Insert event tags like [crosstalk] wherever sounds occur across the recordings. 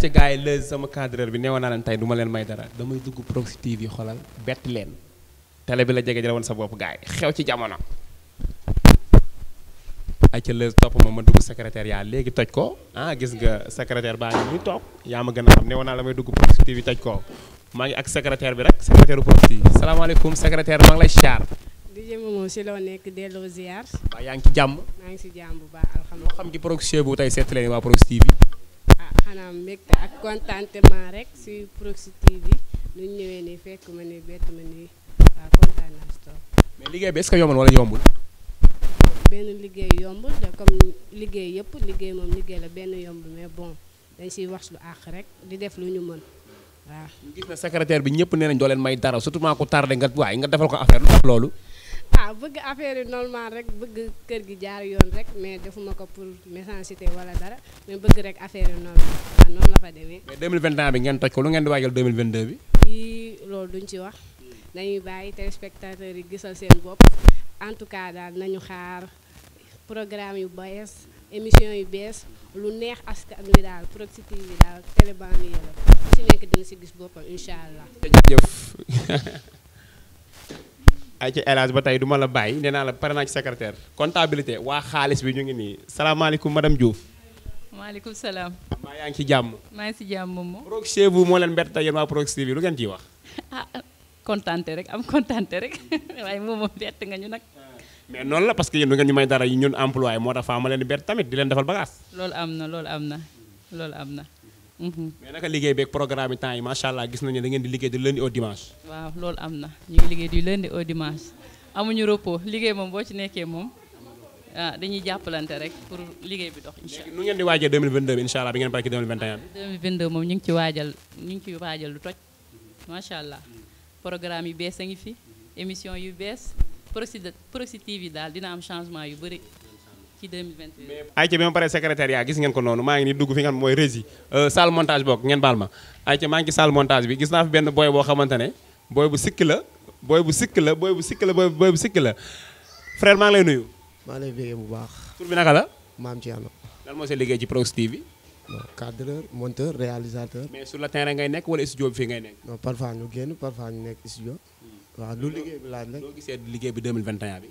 ci gars yi lëz sama cadreur bi neewoon naa leen tey duma leen may dara damay dugg Proxi TV xolal bett leen télé bi la jege jële sa bopp gars xew ci jamono ay ca lëz ma dugg secrétaire yaa léegi toj ko ah, gis nga secrétaire baa ngi toog yaa ma gën a xam neewoon naa damay dugg Proxi TV toj ko maa ngi ak secrétaire bi rek secrétaire Proxi salaamaaleykum secrétaire maa ngi lay siyaar DJ Momo si loo nekk ngi ci jàmm. maa ngi si jàmm bu baax alhamdulilah. moo xam ci Proxi bu tey seet leen waa Proxi xanaa mbégte ak contentement rek si Proxi TV lu ñu ñëwee ni fekk ma ni bett ma ni waaw kontaan naa mais liggéey bi est-ce que yombul wala yombul. benn liggéey yombul de comme liggéey yëpp liggéey moom liggéey la benn yomb mais bon dañ siy wax lu àq rek di def lu ñu mën waaw. ñu gis na secrétaire bi ñëpp nee nañ doo leen may dara surtout maa ko tardé nga waaye nga defal ko affaire loolu. waaw ah, bëgg affaire yi normal rek bëgg kër gi jaar yoon rek mais defuma ko pour méchanceté wala dara mais bëgg rek affaire yi normal waaw ah, noonu la fa demee. mais 2021 bi ngeen toj ko lu ngeen di waajal 2022 bi. yii loolu duñ ci wax dañuy bàyyi te téléspectateurs yi gisal seen bopp en tout cas daal nañu xaar programme yu bees émission yu bees lu neex askan wi daal Proxi TV bi daal télé banlieue la ku si nekk dina si gis boppam incha allah. jërëjëf. [laughs] ay ci élage ba tey duma la bàyyi nee la pare naa ci secrétaire comptabilité waa xaalis bi ñu ngi nii salaamaaleykum madame Diouf. maaleykum salaam. maa yaa ngi ci jàmm. maa ngi ci jàmm moom. moo leen bett tey yéen waa Rock Chez Vous lu ngeen ciy wax. [laughs] ah kontante rek am kontante rek [laughs] waaye moom moom bett nga ñu nag. Ah, mais noonu la parce que yéen du ngeen ñu may dara ñun employé moo tax faa ma leen di bett tamit di leen defal bagage. loolu am na loolu am na loolu am na. Mhm. mais naka liggéey beeg programme yi temps yi macha allah gis nañu da ngeen di liggéey du lundi au dimanche. waaw loolu am na ñu ngi liggéey du lundi au dimanche amuñu repos liggéey moom boo ci nekkee moom ah dañuy jàppalante rek pour liggéey bi dox incha allah. di waajal 2022 bi incha allah bi ngeen pare ci 2021. 2022 moom ñu ngi ci waajal ñu ngi ci waajal lu toj macha allah programme yu bees a ngi fi émission yu bees Proxi TV daal dina am changement yu bëri. ci 2021. ayca bi ma paree secrétariat gis ngeen ko noonu maa ngi nii dugg fi nga xam mooy régie euh, salle montage boog ngeen baal ma ayca maa ngi ci salle montage bi gis naa fi benn booy boo xamante ne booy bu sikk la booy bu sikk la booy bu sikk la booy bu sikk la frère maa ngi lay nuyu. maa ngi lay bégee bu baax. tur bi naka la. maam Thierno. lan moo sa liggéey ci Proxi bi non cadreur monteur réalisateur. mais sur le terrain ngay nekk wala studio bi fii ngay nekk. non parfois ñu génn hmm. liggéey bi laaj rek. loo bi.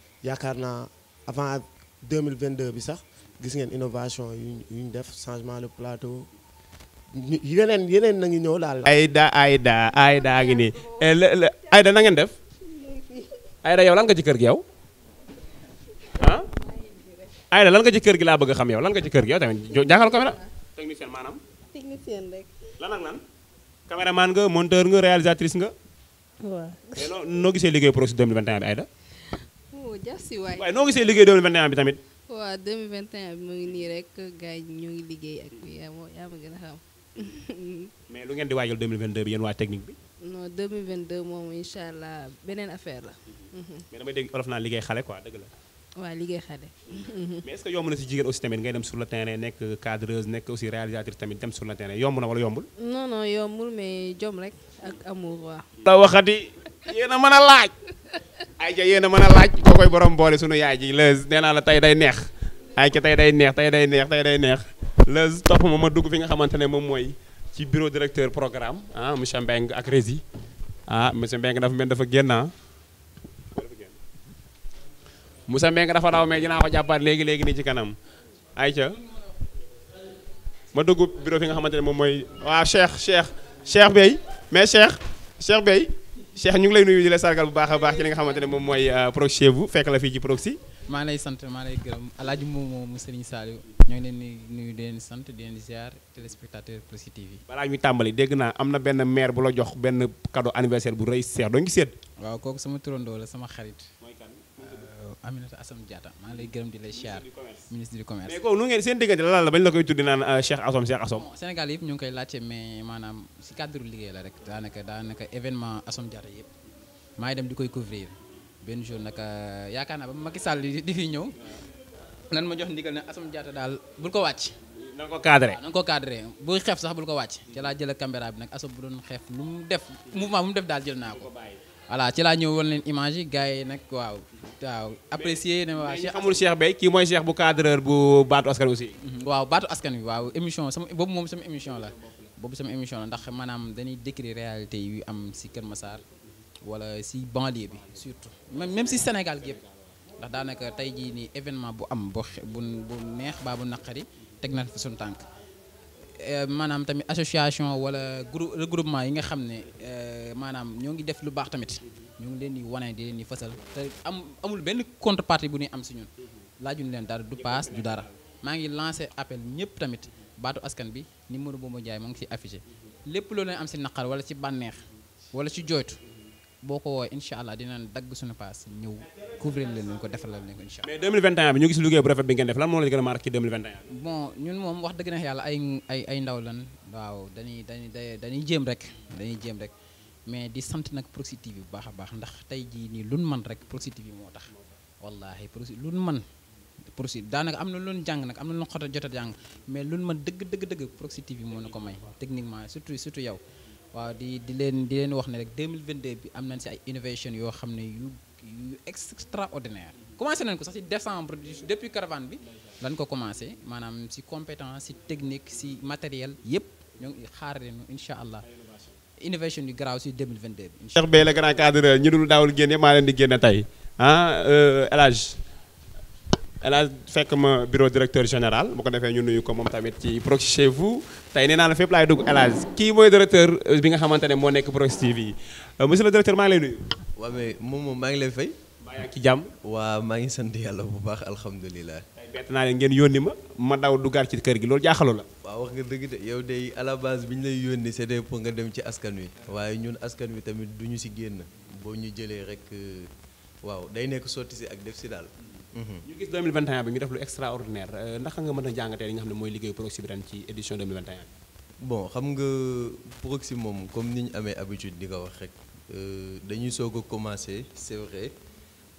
yakarna avant 2022 bi sax gis ngeen innovation yuñ def changement le plateau yeneen yeneen na ngi ñëw daal. Aida Aida Aida ngi ni eh, Aida na ngeen def Aida yow lan nga ci kër gi yow ah Aida lan nga ci kër gi la bëgg xam yow lan nga ci kër gi yow tamit jàkkaarloo caméra technicien manam technicien rek. lan ak lan caméraman nga monteur nga réalisatrice nga. wa no gisé liggéey pro 2021 ayda Aida. jasi waay waaye noo gisee liggéey 2021 bi tamit bi mu ngi nii rek gars a [laughs] mais lu ngeen di waajal 2022 bi yéen waa technique bi non 2022 moom incha allah beneen affaire la mhm. mais damay dégg olof naa liggéey xale quoi dëgg la waaw liggéey xale [laughs] mais est-ce yomb na si jigéen aussi tamit ngay dem sur le terrain nekk cadreuse nekk aussi réalisatrice tamit dem sur le terrain yomb na wala yombul non non yombul mais jom rek ak amour waaw la waxati yéen a mën a laaj ay ja yéen a mën a laaj ko koy borom boole sunu yaay ji Leuz nee naa la tey day neex ay ca tey day neex tey day neex tey day neex Leuz topp ma ma dugg fi nga xamante ne moom mooy ci bureau directeur programme ah monsieur Mbengue ak ah monsieur Mbengue dafa mel dafa génn ah monsieur dafa daw mais dinaa ko jàppaat léegi léegi nii ci kanam ay ca ma dugg bureau fi nga xamante ne moom mooy waa Cheikh Cheikh Cheikh Bey mais Cheikh Cheikh Bey Cheikh ñu ngi lay nuyu di la sargal bu baax a baax ci nga xamante moom mooy euh, proxy fekk la ci proxy lay lay Saliou ñoo ngi nuyu di leen di leen ziar téléspectateur Proxy TV balaa ñuy cadeau anniversaire bu rëy Cheikh doo ngi seet waaw sama la Aminata Assome Diatta maa ngi lay gërëm di lay siyaar ministre du commerce mais ngeen seen diggante la la bañ la koy tuddi naan euh, Cheikh Assome Cheikh Assome Sénégal yëpp ñu koy laajte maanaam si cadre la rek daanaka daanaka événement Assome Diatta yëpp maa ngi dem di koy couvrir benn jour nag euh, yaakaar naa ba Macky Sall di fi ñëw nan ma jox ndigal ne Assome Diatta daal bul ko wàcc na nga ko cadré na nga sax bul ko wàcc ci laa jël caméra bi nag Assome bu doon xeef lu mu def mouvement bu mu def daal jël naa ko voilà ci laa ñëw woon leen image yi gars yi nag waaw waaw apprécié na waa Cheikh amul Cheikh Bey kii mooy Cheikh bu cadreur bu baatu askan aussi. Mm-hmm. waaw baatu askan bi waaw émission sama boobu moom sama émission la boobu sama émission la réalité yu am si Kër wala banlieue surtout même si Sénégal ndax daanaka tey jii nii événement bu am bu bu neex baa bu naqari teg fa sun euh, association wala groupe regroupement yi nga xam ne euh, maanaam ñoo def lu ñu ngi leen di wane di leen di fësal te am amul benn contrepartie bu ñuy am si ñun laajuñu leen dara du paas du dara maa ngi lancé appel ñëpp tamit baatu askan bi numéro boobu jaay moo ngi si affiché lépp loo leen am si naqar wala si bànneex wala si jooytu boo ko woowee incha allah dinañ dagg suñu paas ñëw couvrir leen ñu ko defaral leen ko incha allah. mais 2021 bi ñu gis liggéey bu rafet bi ngeen def lan moo la gën a marqué ci 2021. bon ñun moom wax dëgg na yàlla ay ay ay ndaw lan waaw dañuy dañuy dañuy jéem rek dañuy jéem rek. mais di sant nag Proxi TV bu baax a baax ndax tey jii nii lu man rek Proxi bi moo tax wallaahi Proxi lu man Proxi daanaka am na loon jàng nag am na loon xota jot a jàng mais lu man dëgg dëgg dëgg bi TV moo na ko may techniquement surtout surtout yow waaw di di leen di leen wax ne rek 2022 bi am nañ si ay innovation yoo xam ne yu yu extraordinaire commencé nañ ko sax si décembre depuis caravane bi lañ ko commencé maanaam si compétence si technique si matériel yëpp ñoo ngi xaar incha allah innovation yu garaaw si 2022 bi. Cheikh Beye la grand cadreur ñu dul daawul génne maa leen di génne tey ah euh, lage Hadj fekk ma bureau directeur général bu ko defee ñu nuyu ko moom tamit ci Proxi chez vous tey nee naa la fépp laay dugg El Hadj kii mooy directeur euh, bi nga xamante ne moo nekk Proxi TV yi euh, monsieur le directeur maa ngi lay nuyu. waaw mais moom moom maa ngi lay fay. maa ngi ci jàmm. waa maa ngi sant yàlla bu baax alhamdulilah. bett naa leen ngeen yónni ma ma daw duggaat ci kër gi loolu jaaxaloo la waaw wax nga dëgg de yow de à bi ñu lay yónni c'était pour nga dem ci askan wi waaye ñun askan wi tamit du ñu si génn boo ñu jëlee rek euh, waaw day nekk sotti si ak def si daal mm-hmm. ñu gis 2021 bi ñu def lu extraordinaire euh, ndax nga mën a jàngatee li nga xam ne mooy liggéeyu Proxi bi ren ci édition 2021 bon xam nga Proxi moom comme ni ñu amee habitude di ko wax rek euh, dañuy soog a commencé c'est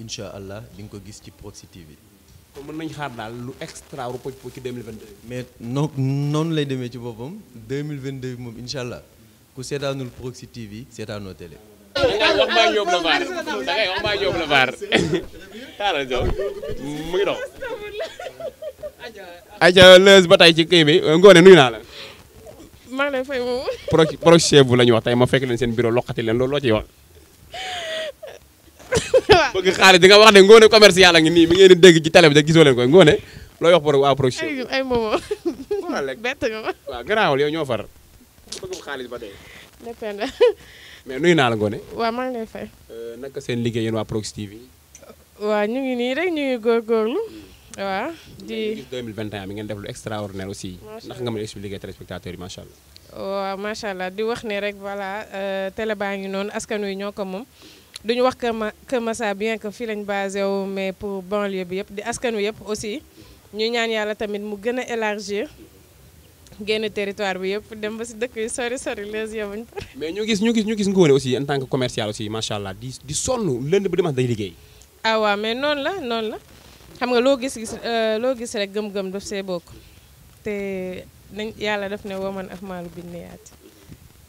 incha allah di nga ko gis ci Proxi TV. kon mën nañu xaar daal lu extra ru poj poj ci mais non noonu lay demee ci boppam 2022 moom incha allah ku seetaanul Proxi TV seetaanoo télé. mu ngi dox. ayca leus ba tey ci kii bi Ngoné nuyu naa la. maa ngi fay moom. Proxi Proxi chef bu la ñu wax tey ma fekk leen seen bureau loqati leen loolu loo ciy wax. [laughs] bëgg xaalis di nga wax ne ngoone commercial a ngi nii mi ngeen di dégg ci télé bi da gisoo leen ko ngoone looy wax pour waaw garaawul yow ñoo far bëggum xaalis ba tey mais nuyu naa la ngoone waaw maa ngi lay fay euh, naka seen liggéey waa waaw ñu ngi nii rek ñu ngi góorgóorlu hmm. waaw di 2021 mi ngeen def lu extraordinaire aussi ndax nga mën a expliquer téléspectateurs yi macha allah di wax ne rek voilà euh, télé baa ngi noonu askan wi ñoo ko moom dañu wax Kër Ma Kër Massar bien que fii lañ basé wu mais pour banlieue bi yëpp di askan wi yëpp aussi ñuy ñaan yàlla tamit mu gën a élargir génn territoire bi yëpp dem ba si dëkk yi sori sori les yëpp. mais ñu gis ñu gis ñu gis Ngoné aussi en tant que commercial aussi macha allah di di sonn lënd ba demaat day liggéey. ah waaw mais noonu la noonu la xam nga loo gis gis euh, loo gis rek gëm-gëm daf see bokk te nañ yàlla def ne waman af maalu binniyaat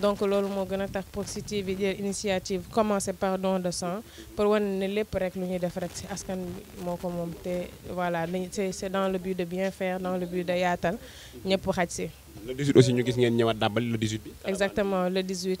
donc là, mo gëna a tax positive initiative commencer par don de sang pour que ne lépp rek lu ñuy def rek voilà c'est dans le but de bien faire dans le but de yaatal ñëpp pour le 18 aussi nous, gis ngeen ñëwa dabal le 18 exactement le 18.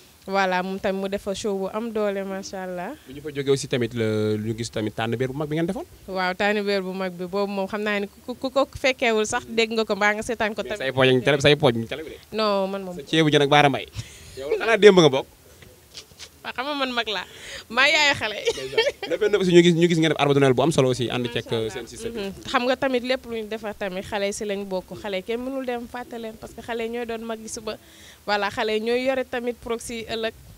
voilà moom tamit mu defa show bu am doole macha allah. bu ñu fa jógee aussi tamit la ñu gis tamit tànn beer bu mag bi ngeen defoon. waaw tànn beer bu mag bi boobu moom xam naa ne ku ku ko fekkeewul sax dégg nga ko baa nga seetaan ko. tamit say pooj say pooj ñu tele non man moom. sa ceebu jën ak baara [laughs] nga bokk. waaw xam nga man mag laa maa yaay xale. dafay aussi ñu gis ñu gis nga def arbre bu am solo si ànd ceeg seen système mm-hmm. xam nga tamit lépp lu ñu defar tamit xale yi si lañ bokk xale kenn mënul dem fàtte leen parce que xale yi ñooy doon mag yi suba voilà xale yi ñooy yore tamit proxy ëllëg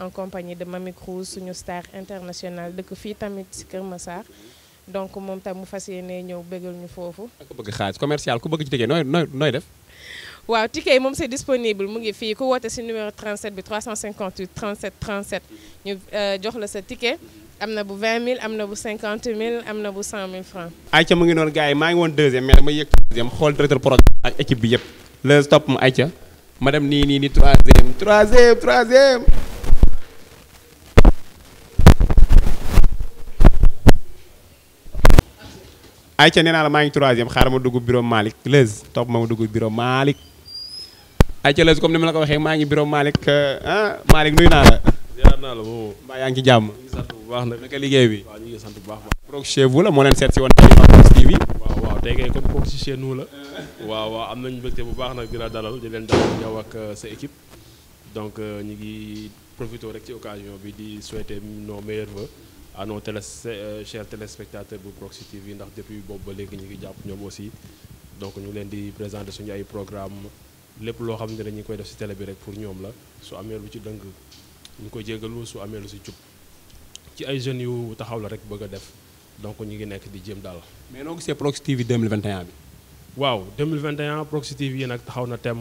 en compagnie de Mamie Cruz une star international de Kofi tamit Kermassar. donc moom tamou mu fas commercial ku bëgg ci ticket nooy Le ticket est disponible mu ngi fii ku numéro 37 358 37 37 ñu euh, jox la sa ticket. Amna bu 20 000 bu 50 000 am bu 100 000 francs. Aïcha, mu ngi noonu gars yi ngi deuxième mais m'a yëg troisième hold directeur programme ak équipe le stop mu ayca ma Madame troisième troisième troisième. ayca nee naa la maa ngi troisième xaaral ma dugg bureau Malick Leuz topp ma ma dugg bureau Malick ayca Leuz comme ni ma la ko waxee maa ngi bureau Malick euh, ah Malick nuyu naa la. jaar naa la boobu. mbaa yaa ngi jàmm. ñu bu baax nag naka liggéey bi. waaw ñu ngi sant bu baax. Rock chez vous la moo seet si woon TV. waaw waaw la. waaw am nañu mbégte bu baax nag di la dalal di leen dalal yow ak euh, sa équipe. donc euh, ñu ngi profité rek ci occasion bi di souhaiter nos meilleurs à nos télé euh, chers téléspectateurs de Proxi TV ndax depuis boobu ba léegi ñu ngi aussi donc ñu leen di présenter suñu ay programme Les loo xam ne ñu ngi koy def ci télé bi rek pour nous, la su améliorés lu ci dëng ñu koy jégalu su amee lu ci jub ci ay jeunes yu taxaw la rek bëgg a def donc ñu ngi nekk di jéem daal. mais noo c'est Proxi TV 2021 bi. waaw 2021 Proxi TV yi nag taxaw na temm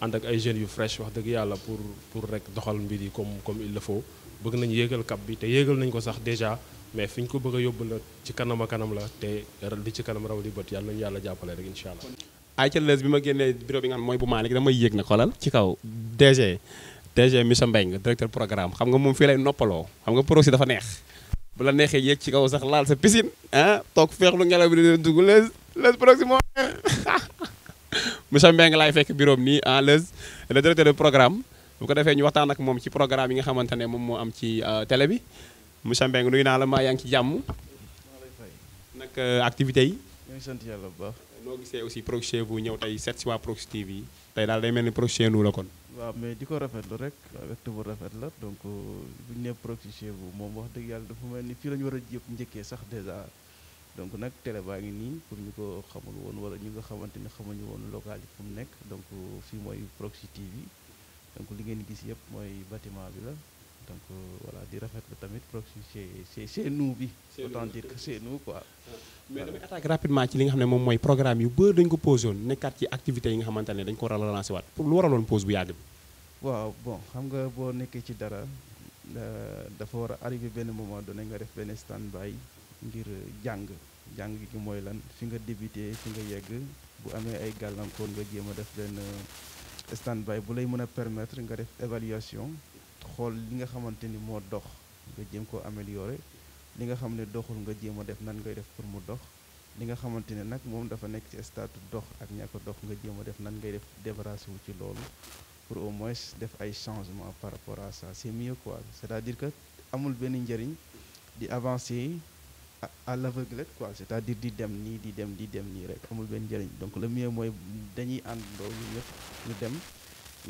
ànd ak ay jeunes yu fresh wax dëgg yàlla pour pour rek doxal mbir yi comme comme il le faut. bëgg nañu yéegal cap bi te yéegal nañ ko sax déjà mais fi ñu ko bëgg yóbbu la ci kanam a kanam la te li ci kanam raw li bët yàlla nañu yàlla jàppale rek incha allah. ay ca lees bi ma génnee bureau bi nga xam mooy bu Malick damay yéeg na xoolal ci kaw DG DG Moussa Mbengue directeur programme xam nga moom fii lay noppaloo xam nga projet dafa neex. bu la neexee yéeg ci kaw sax laal sa piscine ah toog feexlu ngelaw bi di leen dugg lees lees projet [laughs] moo neex Moussa Mbengue laay fekk bureau am nii ah lees le directeur de programme. bu ko defee ñu waxtaan ak moom ci programme yi nga xamante ne moom moo am ci euh, télé bi monsieur Mbengue nuyu naa la maa yaa ngi ci jàmm. nag euh, activité yi. ñu ngi bu baax. noo aussi Proxi bu ñëw tey seet si waa Proxi TV yi tey daal day mel ni Proxi nu la kon. mais di ko rafetlu rek wektu bu rafet la donc euh, bu ñu nee moom wax dëgg yàlla dafa mel ni fii la ñu war a yëpp njëkkee sax dèjà donc nag télé baa ngi nii pour ñu ko xamul woon wala ñu nga xamante ni xamuñu woon localité fu mu nekk donc fii mooy Proxi TV. donc li ngeen gis yëpp mooy bâtiment bi la donc euh, voilà di rafetlu tamit proximité chez chez nous bi. autant dire que chez nous quoi. mais damay rapidement ci li nga xam ne moom mooy programme yu bëri dañ ko posé woon nekkaat ci activités yi nga xamante ne dañ ko war a relancer waat pour lu waraloon pause bu yàgg bi. waaw bon xam nga boo nekkee ci dara euh, dafa war a arrivé benn moment donné nga def benn standby ngir jàng jàng gi mooy lan fi nga débuté fi nga yegg bu amee ay gàllankoon nga jéem a def benn. stand by bu lay mën a permettre nga def évaluation xool li nga xamante ni moo dox nga jéem koo améliorer li nga xam ne doxul nga jéem a def nan ngay def pour mu dox li nga xamante ne nag moom dafa nekk ci stade dox ak ñàkk dox nga jéem a def nan ngay def débarrassé wu ci loolu pour au moins def ay changement par rapport à ça c'est mieux quoi c'est-à-dire que amul benn njariñ di avancer à l'aveuglette quoi c'est-à-dire di dem ni di dem di dem ni rek amul ben njëriñ donc le mieux moy dañuy àndandoo ñu ñëpp ñu dem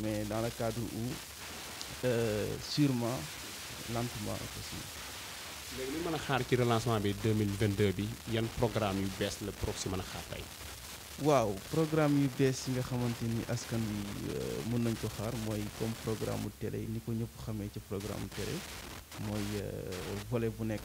mais dans le cadre où euh, sûrement lentement aussi. léegi ñu mën a xaar ci relancement bi 2022 bi yan programme yu bees la prochain mën a xaar tey. waaw programme yu bees yi nga xamante ni askan bi euh, mën nañ ko xaar mooy comme programme télé ni ko ñëpp xamee ci programme mu télé mooy euh, volet bu nekk.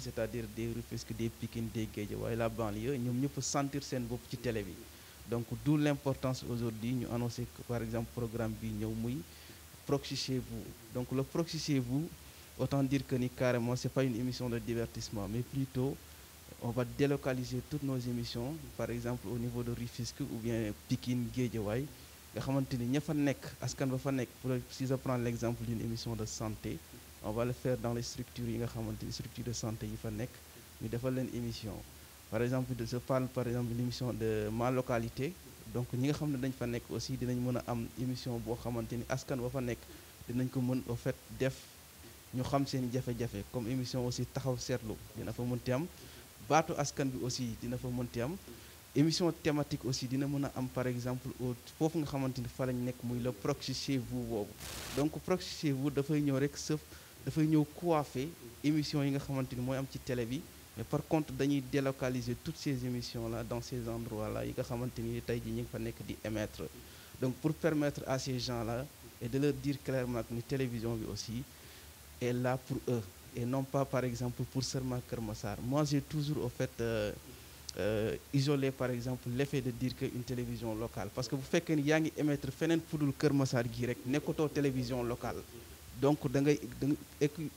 c'est-à-dire des Rufisque des Pikine des Guédiawaye la banlieue nous ñëpp sentir ces nouveaux ci télé donc d'où l'importance aujourd'hui nous annonçons par exemple le programme bi ñëw chez vous donc le Proxy chez vous autant dire que ni carrément c'est pas une émission de divertissement mais plutôt on va délocaliser toutes nos émissions par exemple au niveau de Rufisque ou bien Pikine Guédiawaye nga xamante ni nek, askan si je l'exemple d'une émission de santé on va le faire dans les structures yi nga structures de santé yi fa nekk ñu defal leen émission par exemple je parle par exemple l'émission de ma localité donc ñi nga xam dañ fa nekk aussi dinañ mën am émission pour xamante askan ba fa nekk dinañ ko mën fait def ñu xam seen jafe-jafe comme émission aussi taxaw seetlu dina fa mënti am baatu askan bi aussi dina fa mënti am émission thématique aussi dina mën am par exemple au foofu nga xamante ni fa lañ le proxy chez vous donc proxy chez vous dafay ñëw rek sëf il faut coiffer émission yi nga xamante ni mooy am ci télé mais par contre dañuy délocaliser toutes ces émissions là dans ces endroits là yi nga xamante ni tey jii ñu fa nekk di émettre donc pour permettre à ces gens là et de leur dire clairement que la télévision aussi est là pour eux et non pas par exemple pour seulement Kermassar moi j'ai toujours au fait euh, euh, isolé par exemple l'effet de dire qu'une une télévision locale parce que vous faites ni yaa ngi émettre Fenen fudul le Massar direct, rek télévision locale donc da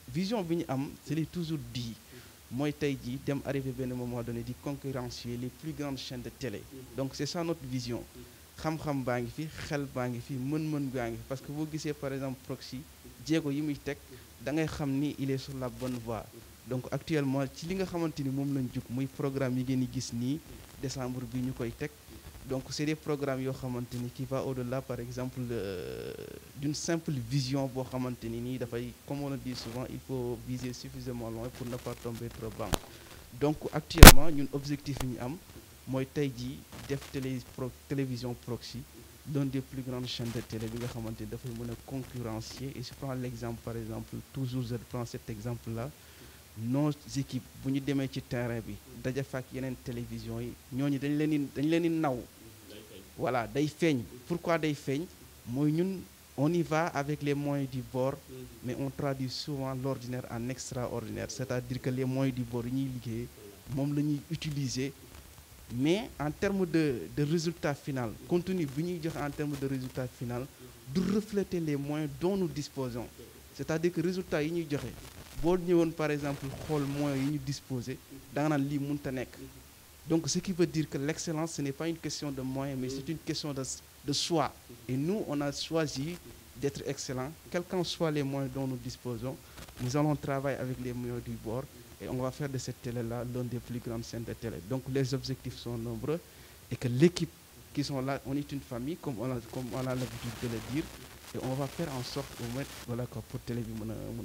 vision bi c'est toujours dit mooy tey jii dem arrivé moment donné di concurrencier les plus grandes chaînes de télé donc c'est ça notre vision xam-xam baa ngi fi xel parce que vous gisee par exemple Proxy, jéego il est sur la bonne voie donc actuellement ci li nga programme décembre donc c'est des programmes qui vont au-delà par exemple euh, d'une simple vision pour comme on le dit souvent il faut viser suffisamment loin pour ne pas tomber trop bas donc actuellement ñun objectif un ñu am télévision proxy dans des plus grandes chaînes de télé bi nga et je prends l'exemple par exemple toujours je prends cet exemple là nos équipes vous nous, métiers ci terrain y fak yenen télévision yi ñooñu dañ leen dañ naw voilà pourquoi day on y va avec les moyens du bord mais on traduit souvent l'ordinaire en extraordinaire c'est-à-dire que les moyens du bord ils ñuy mais en termes de résultats résultat final contenu bi ñuy en termes de résultat final de refléter les moyens dont nous disposons c'est-à-dire que résultat yi ñuy par exemple xool disposé dans nga lit donc ce qui veut dire que l'excellence ce n'est pas une question de moyens mais c'est une question de de et nous on a choisi d'être excellents, quels qu'en soient les moyens dont nous disposons nous allons travailler avec les moyens du bord et on va faire de cette télé-là l'une des plus grandes scènes de télé donc les objectifs sont nombreux et que l'équipe qui sont là on est une famille comme on a comme on a l'habitude de le dire et on va faire en sorte au moins voilà quoi pour télé mon mon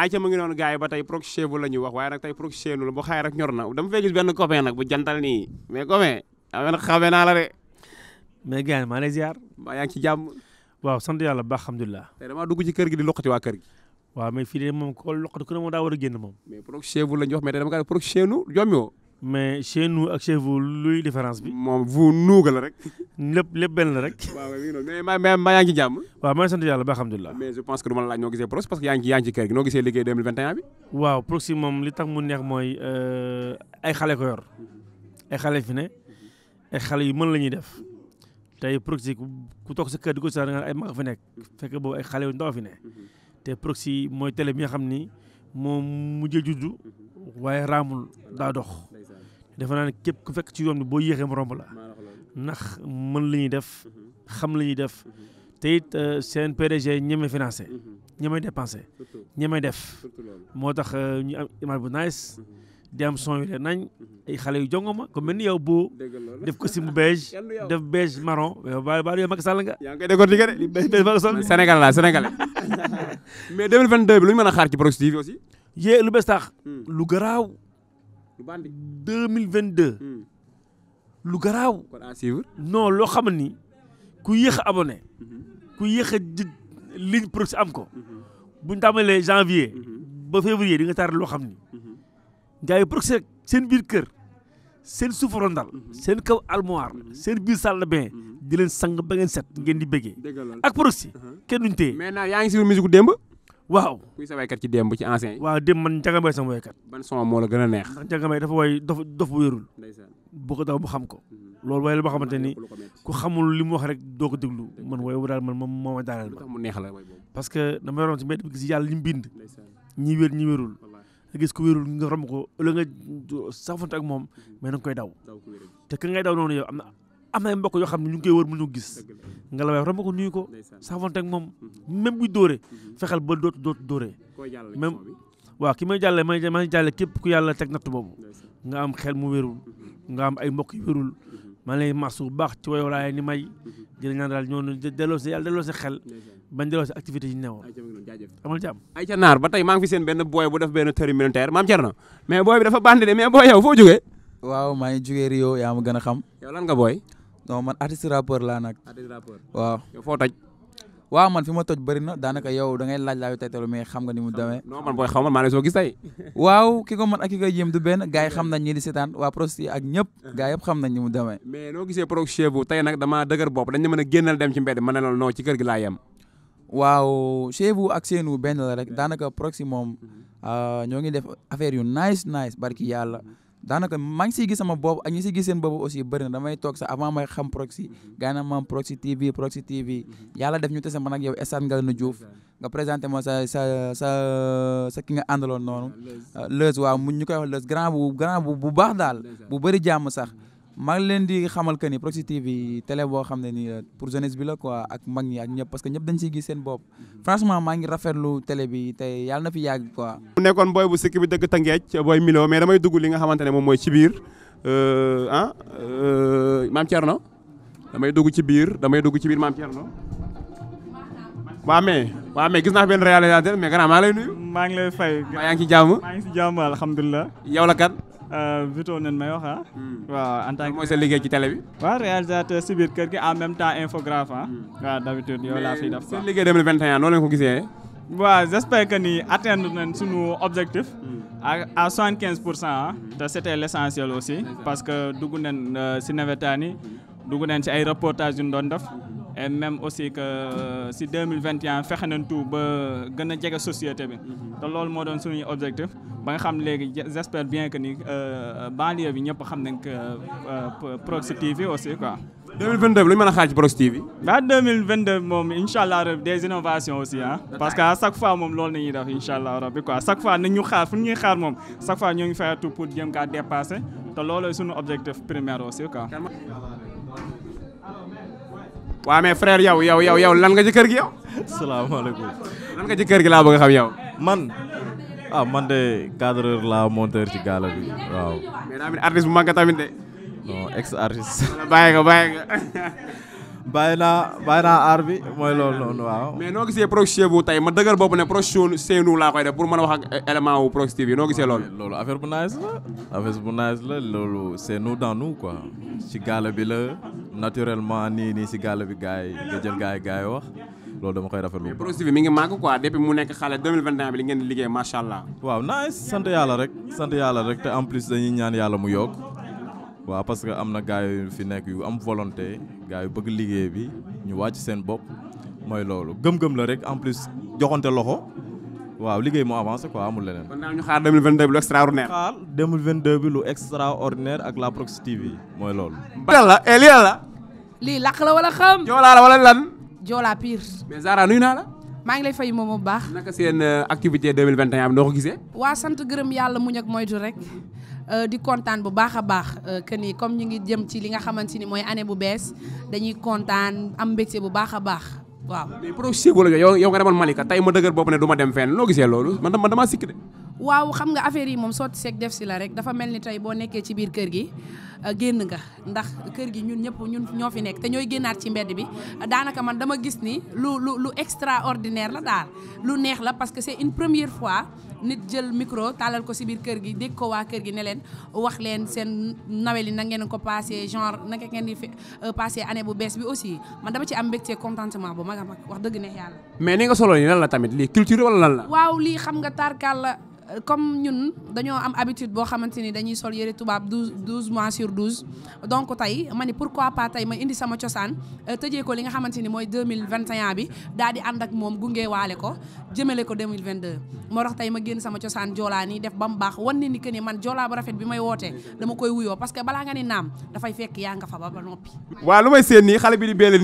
ayca mu ngi noonu gars yi ba tey proxy bu la wax waaye nag tey proxy lu la ba xaay ñor na dama fee gis benn copain nag bu jantal nii mais copain am na naa la de. mais gars yi maa lay ziar. jàmm. waaw sant yàlla baax alhamdulilah. tey damaa ci kër gi di loqati waa kër gi. waaw mais fii de moom ko loqati ku moom daa war a génn moom. mais proxy bu la ñu wax mais dama kaa proxy nu jommi woo mais chez nous ak chez vous luy différence bi. mom vous nuuga la rek. lepp lepp benn la rek. [laughs] waaw mais mais ma ma yaa waaw ma ngi sant yàlla ba alhamdulilah. mais je pense que duma ma la laaj noo gisee Proxi parce que yangi yangi ci gi no gisee liggéey 2021 bi. waaw Proxi moom li tax mu neex moy euh ay xalé ko yor ay xalé fi ne ay xalé yu meun lañuy def tay proxy ku tok sa kër diko sa saa ay mag fi nekk fekk bo ay xalé yu ndaw fi ne te proxy moy télé bi nga xam ni moom mujjee juddu mhm. waaye raamul daa dox. defe naa ne képp ku fekk ci yoon bi boo yéexee mu romb la ndax mën li ñuy def mhm. xam li ñuy def mhm. te it seen euh, PDG ñeme financé mhm. ñeme dépensé ñeme def moo tax euh, ñu am image bu nice de am son yu nañ ay xale yu jongo ma ko mel ni boo def ko si mu beige [laughs] def beige marron yow ba ba yow Macky nga yaa ngi koy décortiquer de beige Macky Sall Sénégal la sénégalais [laughs] mais 2022 bi lu ñu mën a xaar ci Proxi TV aussi yée lu bees hmm. lu garaaw lu bandi deux mille vingt deux. lu garaaw. kon à suivre loo xam ni ku yéex a abonné. Mm-hmm. ku yéex a ji ligne am ko. bu ñu tàmbalee janvier. ba février di nga taar loo xam ni. Mm-hmm. gars yi proche seen biir kër. seen suufu rondal mm-hmm. seen kaw almoir seen biir salle de bain di leen sang ba ngeen set ngeen di bëggee. ak proche uh-huh. kenn duñ téye. mais yaa ngi suivre musique démb. waaw kuy sa waykat ci démb ci ancien yi. waaw man Ndiaga Mbaye sama waykat. ban son moo la gën a neex. ndax Ndiaga Mbaye dafa way dof dof bu ko daw bu xam ko. Mhm. loolu way la boo xamante ni ku xamul li mu wax rek doo ko déglu man way bu daal man moom moo ma daaneel ma. mu neex la parce que dama yoroon ci mbedd bi gis yàlla li mu bind. ñi wér ñi wérul. nga gis ku wérul nga romb ko ëllëg nga saafante ak moom mhm. mais na koy daw. te ka ngay daw noonu yow am na am na ay mbokk yoo xam ne ñu ngi koy wër mënu gis nga la wax romb ko nuyu ko saafante ak moom mm-hmm. même buy dóore mm-hmm. fexeel ba dootu dootu dóoree mem waa ki may jàlle may may jàlle képp ku yàlla teg natt boobu nga am xel mu wérul mm-hmm. nga am ay mbokk yu wérul maa lay masu bu baax ci waywalaay ni may dina ñaan daal ñoo delloo si yàlla delloo si xel bañ delloo si activité yi newoon amal jàmm ay ca naar ba tey maa ngi fi seen benn booy bu def benn tëri militaire maam Thierno mais booy bi dafa bandi de mais booy yow foo jógee waaw maa ngi jógee Rio yaa ma gën a xam yow lan nga booy non man artiste rappeur laa nag. artiste rappeur waaw. yow foo toj. waaw man fi ma toj bëri na daanaka yow da ngay laaj laayu taytalu mais xam nga ni mu demee. non man booy xaw ma maa lay soo gis tey. [laughs] waaw ki ko man ak ki koy jéem du benn gars yi xam na ñi di seetaan waa Proxi yi ak ñëpp. Uh-huh. gars yëpp xam nañ ni mu demee. mais noo gisee Proxi chez vous tey nag damaa dëgër bopp dañ ne mën a génnal dem ci mbedd ma ne la non ci kër gi laa yem. waaw chez vous ak seenu benn la rek daanaka Proxi moom uh-huh. uh, ñoo ngi def affaire yu nice nice barki yàlla. Uh-huh. daanaka maa ngi siy gis sama boobu ak ñi si gis seen boobu aussi bëri na damay toog sax avant may xam proxy mhm. gaa na maam proxy TV proxy TV mhm. yàlla def ñu tese man ak yow nga Ngalandou Diouf nga présenté ma sa sa sa sa ki nga àndaloon noonu euh, Leuz waaw mu ñu koy wax grand bu grand bu bu baax daal bu bëri jàmm sax mhm. maa ngi leen di xamal que ni Proxi TV télé boo xam ne nii pour jeunesse bi la quoi ak mag ñi ak ñëpp parce que ñëpp dañ ciy gis seen bopp mm-hmm. franchement maa ngi rafetlu télé bi te yàlla na fi yàgg quoi. mu nekkoon booy bu sikki bi dëgg Tëngéej booy Milo mais damay dugg li nga xamante ne moom mooy ci biir euh, ah, euh, damay dugg ci biir damay dugg ci biir maam Thierno. waa mais waa mais gis naa benn réalisateur mais gannaaw maa lay nuyu. maa ngi lay fay. maa yaa ngi ci jàmm. maa ngi ci yow la kan. Euh, vito nen may wax ah. Hmm. waaw en tant que mooy sa liggéey ci tele bi. waaw réalisateur si biir kër gi en même temps infographe ah. Hmm. waaw d'habitude yow laa fiy def quoi. seen liggéey 2021 noo leen ko gisee. waaw j'espère que ni atteindre nañ sunu objectif. Hmm. à à cent quinze pour cent ah. te c'était l'essentiel aussi. parce que dugg nañ euh, si nawetaan yi dugg nañ ci ay reportage yu ñu et même aussi que euh, si 2021 fexe un tout ba gën a société bi te loolu moo doon objectif ba nga xam j'espère bien que ni euh, euh, banlieue bi ñëpp xam nañ que Proxi TV aussi quoi. 2022 lu ñu mën a xaar ci Proxi TV. ba 2022 moom incha des innovations aussi hein. parce que à chaque fois moom loolu la ñuy def rabi quoi chaque fois nañ ñu xaar fu ñuy xaar chaque fois ñoo ngi fexe tout pour jéem kaa dépasser te loolu suñu objectif primaire aussi quoi. waa mais frère yow yow yow yow lan nga ci kër gi yow. salaamaaleykum. lan nga ci kër gi laa bëgg a xam yow. man ah man de cadreur la monteur ci gaala bi waaw. mais daa artiste bu mag tamit de. ex artiste. bàyyi nga bàyyi nga. [laughs] bàyyi naa bàyyi naa aar bi mooy loolu noonu waaw. mais noo gisee Proxi bu tey ma dëgër bopp ne Proxi seenu laa koy def pour mën a wax ak élément wu Proxi TV noo gisee loolu. loolu la affaire bu nice la loolu c'est nous dans ci gaala bi la naturellement nii nii ci gaala bi gars yi nga jël gars yi gars wax. loolu dama koy rafetlu. mais Proxi bi mi ngi màgg quoi depuis mu nekk xale 2021 bi li ngeen di liggéey macha allah. waaw nice sant yàlla rek sant yàlla rek te en plus dañuy ñaan yàlla mu yokk waaw parce que am na gars yu fi nekk yu am volonté. gars yu bëgg liggéey bi ñu wàcc seen bopp mooy loolu gëm-gëm la rek en plus joxante loxo waaw liggéey moo avancé quoi amul leneen. kon naa ñu xaar 2022 bi lu extraordinaire. xaar 2022 bi lu extraordinaire ak la Proxi TV mooy loolu. la eh, lii la la. lii làq la wala xam. joolaa la wala lan. joolaa pire. mais nuyu naa la. maa ngi lay fay moom bu baax. naka seen euh, activité 2021 bi noo ko gisee. waa sant gërëm yàlla muñ ak moytu rek. Euh, di kontan bu baax a baax euh, que ni comme ñu ngi jëm ci li nga xamanteni moy année bu bess dañuy kontaan am mbégte bu baakha a baax waaw. mais projet bu la yow yow nga demoon Malika tay ma dëgër bopp ne duma dem fenn lo gisé lolu man dama dama sikki de. waaw xam nga affaire yi mom soti seeg def ci la rek dafa melni tay bo nekké ci biir kër gi euh, genn nga ndax kër gi ñun ñëpp ñun ñoo fi nekk te ñoy gennat ci mbéd bi danaka man dama gis ni lu lu lu extraordinaire la daal lu neex la parce que c'est une première fois. nit jël micro tàllal ko si biir kër gi dégg ko waa kër gi ne wax leen seen nawel yi na ngeen ko passé genre naka ngeen di euh, passé bu bees bi aussi man dama ci am mbégte contentement bu mag wax dëgg neex yàlla. mais ni nga solo nii lan la tamit lii culture wala lan la. waaw lii xam nga tarkaal la. comme ñun dañoo am habitude boo xamante ni dañuy sol yëre tubaab douze douze mois sur douze donc tey ma ni pourquoi pas tey ma indi sama cosaan euh, tëjee ko li nga xamante ni mooy deux mille vingt et un bi daal di ànd ak moom gungewaale ko jëmale ko deux mille vingt deux moo tax ma génn sama cosaan joolaa nii def ba mu baax wan ni que ni man joolaa ba rafet bi may wootee dama koy wuyoo parce que balaa nga ni naam dafay fekk yaa nga fa ba ba noppi. waaw lu may seen nii xale bi di beel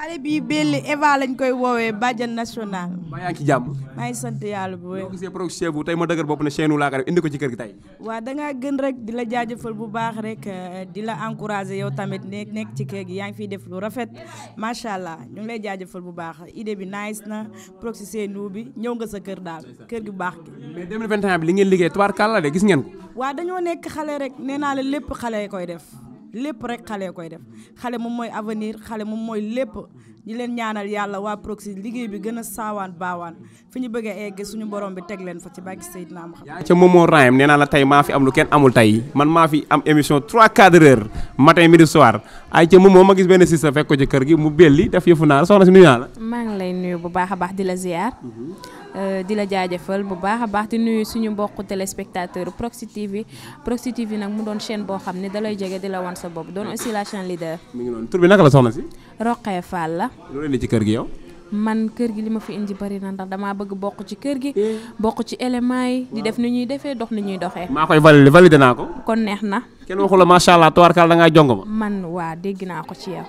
xale bii Belli Eva lañ koy woowee bàjjan national. maa yaa ngi ci jàmm. maa ngi sant yàlla bu wér. boo gisee projet bu tey ma dëgër bopp ne chaîne laa ko def indi ko ci kër gi tey. waa da gën rek di la jaajafal bu baax rek euh, di la encourager yow tamit nekk nekk ci kër gi yaa ngi fiy def lu rafet macha allah ñu ngi lay jaajëfal bu baax idée bi nice na projet Seynou bi ñëw nga sa kër daal kër gi baax gi. mais 2021 bi li ngeen liggéey tubaarkàlla de gis ngeen ko. waaw dañoo nekk xale rek nee naa la lépp xale koy def. lépp rek xale koy def xale moom mooy avenir xale moom mooy lépp ñi leen ñaanal yàlla waa Proxi liggéey bi gën a saawaan baawaan fi ñu bëggee egg suñu borom bi teg leen fa ci bàggi Seydina Muhammad yaa ca moom moo raayam nee naa la tey maa fi am lu kenn amul tey man maa fi am émission trois quarts d'heure matin midi soir ay ca moom moo ma gis benn si sa fekk ko ci kër gi mu belli daf yëfu naa soxna si nuyu naa la maa ngi lay nuyu bu baax a baax di la Euh, di la jaajëfal bu baax a baax di nuyu suñu mbokku téléspectateur Proxi TV Proxi TV nag mu doon chaîne boo xam ne da lay jege di la wan sa bopp doon ah. aussi la chaîne leader. mi ngi naka la soxna si. Roqee Fall la. ci kër gi yow. man kër gi li ma fi indi bari na ndax damaa bëgg bokk ci kër gi. Eh. bokk ci éléments yi. di def ni ñuy defee dox ni ñuy doxee. maa koy validé validé naa ko. kon neex na. kenn waxula la macha allah tubaarkaal da nga jong ma. man wa dégg na ko ci yow.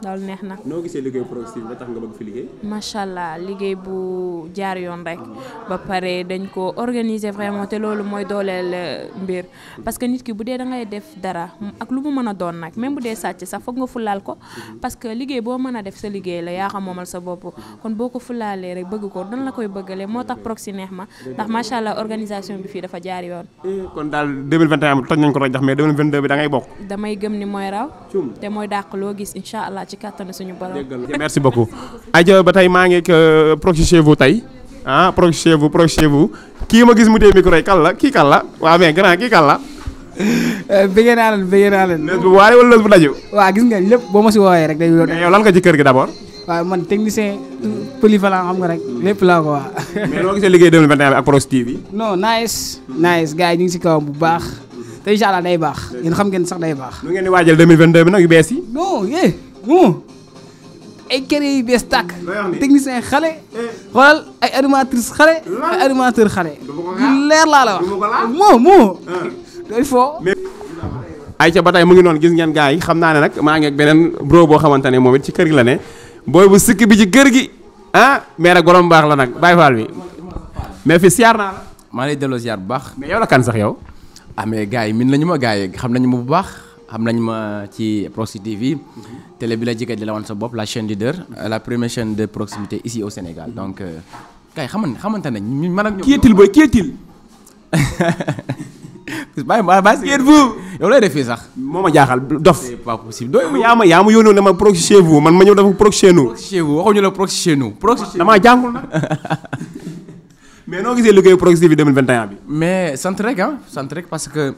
dal neex na. no gisee liguey progressive ba tax nga bëgg fi liggéey. macha allah liggéey bu jaar yon rek ba paré dañ ko organiser vraiment té lolu moy dolel euh, mbir parce que nit ki budé da ngay def dara ak lu mu mëna a doon nag même budé sacc sàcc sax foog nga fulal ko mhm. parce que liguey bo mëna def sa liguey la ya xam moomal sa bop kon boko fulalé rek bëgg ko dan la koy bëggalé motax proxy neex ma ndax macha allah organisation bi fi dafa jaar yon eh, kon dal 2021 tañ nañ ko rek mais 2022 bi da ngay bok damay gëm ni moy raw té moy dak lo gis inshallah ci katane suñu borom merci beaucoup aja batay ma ngi euh, proxy chez vous tay ah proxy chez vous proxy chez vous ki ma gis mu té micro kal la ki kal la wa mais grand ki kal la euh, bëgg naa leen bu waare wala bu daju waa gis nga lépp boo ma si woowee rek day yoon yow lan nga ci kër gi d'abord waaw man technicien polyvalent xam nga rek hmm. lépp laa ko waa mais noo gisee liggéey 2021 ak Proxi TV non nice nice gars yi ñu ngi si bu baax te incha allah day baax yéen xam ngeen sax day baax. nu ngeen di waajal 2022 bi nag yu bees yi. non eh non ay kër yu bees tàkk. technicien xale. Eh. xoolal ay animatrice xale. ay animateur xale. leer laa la wax moo moo. doy foo. ay ca ba tey mu ngi noonu gis ngeen gars xam naa ne nag ngi ak beneen bro boo xamante ne moom it ci kër gi la ne booy bu sikk bi ci kër gi ah mais nag borom baax la nag bàyyi faal bi mais fi siyaar naa la. maa lay delloo siyaar bu mais yow la kan sax yow. ah mais min nañu ma gars xam nañu ma bu baax xam nañu ma ci Proxi TV télé bi la jëkkër di la wan sa bop la chaîne leader euh, la première chaîne de proximité ici au Sénégal donc euh, gars yi xamante xamante nañ man ak ñu qui il boy qui est-il. [laughs] bàyyi ma vous yow lay defee sax. moma ma jaaxal dof. c'est pas possible doyul yaa yama yaa ma yónnee ma Proxi chez vous man ma ñëw dafa Proxi chez nous. Proxi chez vous ñu la Proxi chez nous. Proxi chez jangul na [laughs] mais noo avez proxy Proxi de 2021 mais C'est très ah, hein c'est très parce que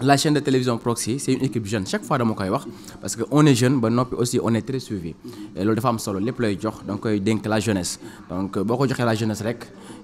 la chaîne de télévision Proxy c'est une équipe jeune chaque fois que je wax parce que on est jeune non aussi on est très suivi Et dafa am solo les lay jox donc la jeunesse donc beaucoup de la jeunesse rec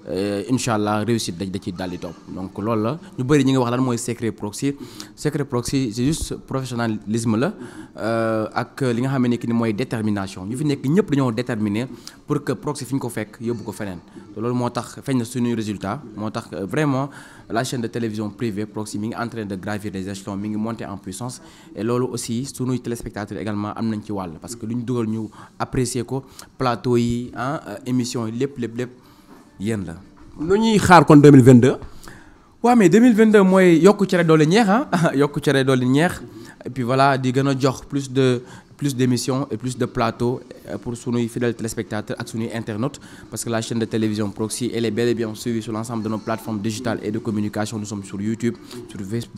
euh, Inch'Allah réussir réussite da da ciy daal di top donc loolu la ñu bari ñi nga wax lan secret proxy secret proxy c'est juste professionnalisme la euh, ak li nga xam ne ni détermination ñu fi nek ñëpp dañoo déterminé pour que proxy fiñ ko fekk yóbbu ko fenen te motax fegn na suñu résultat motax euh, vraiment la chaîne de télévision privée proxy mi ngi en train de gravir les échelons mi ngi monter en puissance et loolu aussi suñu téléspectateurs également am nañ ci parce que nous duggal ñu apprécier ko plateau yi hein émission lepp lepp lepp yéen la. nu ñuy xaar kon 2022. Oui mais 2022 mooy yokku cere doole ñeex ah [laughs] yokku cere doole ñeex et puis voilà di gën a jox plus de plus d'émissions et plus de plateaux euh, pour sunuy fidèles téléspectateurs ak sunuy internautes parce que la chaîne de télévision Proxy... elle est bel et bien suivie sur l'ensemble de nos plateformes digitales et de communication nous sommes sur YouTube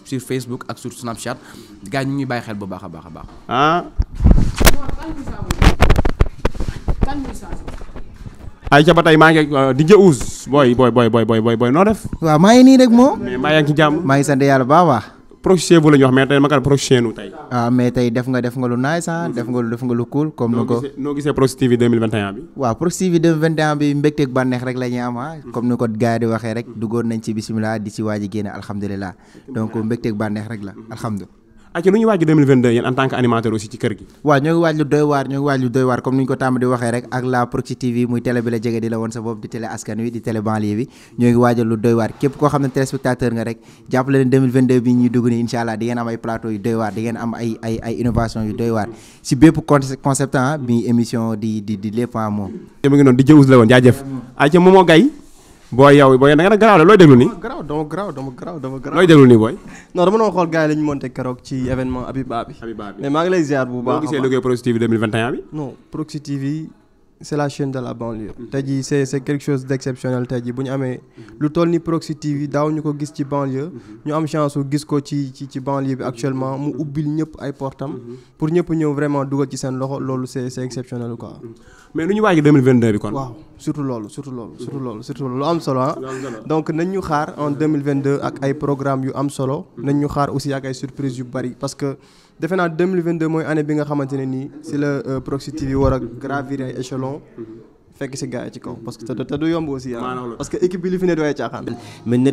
sur Facebook ak sur Snapchat gars ñu ngi xel bu baax a baax a ah. ay ca ba tey maa ngi euh, di DJ Ouz booy booy booy booy booy booy noo def. waaw maa ngi nii rek moom maa yaa ngi ci jàmm. maa ngi sant yàlla bu baax prochain bu la wax mais tey ma kat prochain nu tey. ah tey def nga def nga lu nice ah mm-hmm. def nga lu def nga comme ni ko noo gisee Proxi TV 2021 bi. waaw Proxi TV 2021 bi mbégteeg bànneex rek la am ah. Mm-hmm. comme ni ko gars waxee rek mm-hmm. duggoon nañ ci bisimilah di ci waaj ji génne alhamdulilah donc mbégteeg bànneex rek la alhamdulilah. acca lu ñuy waaj 2022 yéen en tant que animateur aussi ci kër gi waaw ñoo ngi waaj lu doy waar ñoo ngi waaj lu doy waar comme ni ñu ko tàmm di waxee rek ak la Proxi TV muy télé bi la jege di la woon sa bopp di télé askan wi di télé banlieue bi ñoo ngi waajal lu doy waar képp koo xam ne téléspectateur nga rek jàppale leen 2022 bi ñuy dugg ni incha allah di ngeen am ay plateau yu doy waar di ngeen am ay innovation yu doy waar si booy yow booy da nga ne loy la ni déglu nii. garaaw dama garaaw dama garaaw dama garaaw. looy déglu nii booy. non dama doon xol gaay yi la ñu monté keroog ci événement Abiba bi. Abiba bi mais ma ngi lay ziar bu baax. boo gisee liggéey Proxi TV 2021 bi. non Proxi TV c'est la chaîne de la banlieue. tey c'est c'est quelque chose d'exceptionnel exceptionnel buñ amé lu toll ni Proxi TV daw ñuko ko gis ci banlieue. ñu am chance su gis ko ci ci ci banlieue bi actuellement mu ubbil ñep ay portam. pour ñep ñew vraiment duggal ci sen loxo lolu c'est est exceptionnel quoi. mais nu ñu waaj 2022 bi kon. waaw surtout loolu surtout loolu surtout loolu surtout loolu lu am solo ah donc nañ ñu xaar en 2022 ak ay programme yu am solo mm-hmm. nañ ñu xaar aussi ak ay surprise yu bari parce que defe naa 2022 mooy année bi nga xamante ne nii si la euh, Proxi TV war a gravir ay échelon mm-hmm. fekk si gars yi ci kaw parce que te du yomb aussi ah. parce que équipe bi li fi ne du ay caaxaan mm. mais ma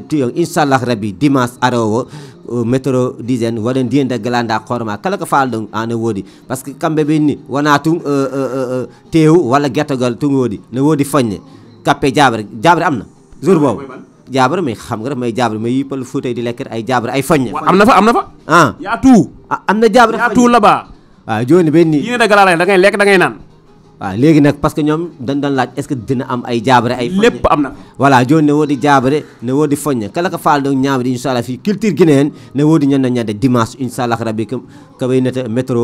euh, ah, kala ko falɗon an ah, e woodi par que kamɓe ɓen ni wona tun euh, euh, teewu walla guettogol woodi ne woodi foññe kappe jaabere jaabere am na jour boobu jaabare mais xam nga daf may jaabare may yippal di lekket ay jaabare ay foññe am na fa am na fa ah yaa tout am na jaabere yaa tout là-bas waaw lekk dangay naan waaw léegi nag parce que ñoom dañ doon laaj est-ce que dina am ay jaabare ay lépp am na voilà joni ne woo di jaabare ne woo di foññe kala ka faal donc ñaawdi inchallah fii culture guinéenne ne woo di ñan na ñande dimanche inchallah rabbi kaɓay nata métro